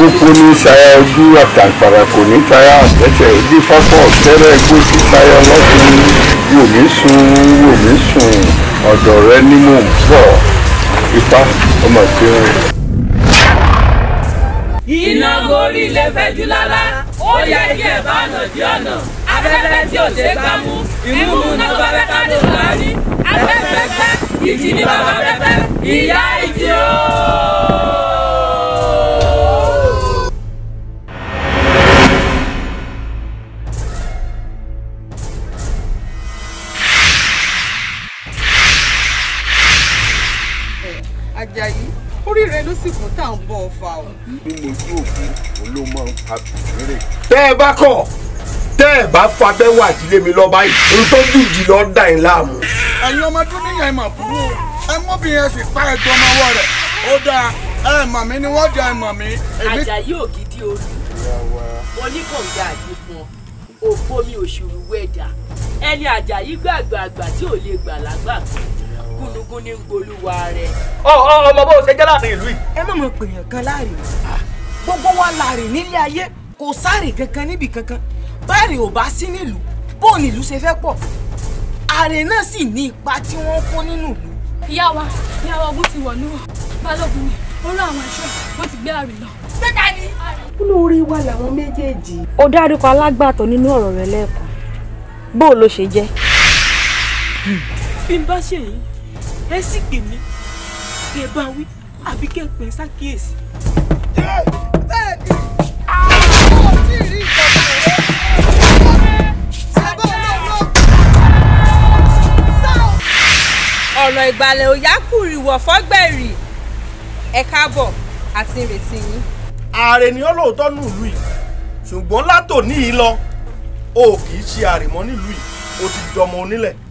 kókó ní ṣayá ojú àtàǹpàrà kò ní ṣayá àtẹ́tẹ̀ ojú fáfọ́ ọ̀tẹ́rẹ́ gbòsì ṣayá ọlọ́sùn wò mí sùn wò mí sùn ọ̀dọ̀ rẹ ni mò ń bọ̀ ipá ọmọ tí ó iná gorí ilẹ̀ fẹ́jú lára ó yẹ kí ẹ̀ bá ọ̀nà dí ọ̀nà afẹ́fẹ́ tí ò ṣe ká mú imú náà bá fẹ́ ká lò láàrin afẹ́fẹ́ fẹ́ ìjì ní bàbá fẹ́fẹ́ ìyá ìjì ooo. Àjàyí orí rẹ ló sì kún tá à ń bọ̀ ọ̀fà o. bí mo tú òkú olóò máa ń pa bìrìrì. tẹ́ ẹ bá kọ̀ tẹ́ ẹ bá fabẹ́ wà sílé mi lọ báyìí n tó jùjì lọ dà yín láàmú. ẹ̀yin ọmọ tó níyàn ẹ̀ mà burú o ẹ mọ́bìnrin ẹ sì pa ẹ̀gbọ́n ọmọ rẹ̀ ó dáa ẹ mọ̀ mí ni wọ́n jẹ ẹ mọ̀ mí. Àjàyí ògidì olú oníkànga àdìpọ̀ òpó mi òṣùwù wẹ̀dà ẹni Àjàyí gbàgbà tí ò lè gbà lágbàgbà gúnugún ní gbolúwa rẹ. ọ ọ ọmọ bó ṣe jẹ́ láàrin ìlú yìí. ẹ má mọ̀ pèèyàn kan láàrin gbogbo wa láàrin nílé ayé kò sáré kankan níbì kankan báàrè ò bá sí nílùú bó nílùú ṣe fẹ́ pọ̀ ààrẹ náà sì ní ipa tí wọ́n kó nínú ìlú. ìyá wa ìyá wa ogun ti wọ̀ níwọ̀ balógun ni ó rán àwọn ẹ̀ṣọ́ ó ti gbé ààrẹ lọ. gbẹ́ta ni. olórí wa làwọn méjèèjì. ó dárúkọ alágbàtọ́ nínú ọ̀rọ̀ rẹ lẹ́ẹ̀kan bó o ló ṣe jẹ́. bí n bá ṣèyí ẹ sì pè mí kẹ bá wí àbí kẹ pè é ṣàkíyèsí. bẹ́ẹ̀ ni àwọn ò tí ì rí ìjọba rẹ̀. ọ̀nà ìgbàlẹ̀ òyà kùrìwọ̀ fọ́gbẹ̀rì ẹ káàbọ̀ àti ìrètí yín. ààrẹ ni ó lóòótọ́ nílùú yìí ṣùgbọ́n látòní yìí lọ o kì í ṣe àrèmọ́ nílùú yìí o ti dọmọ onílẹ̀.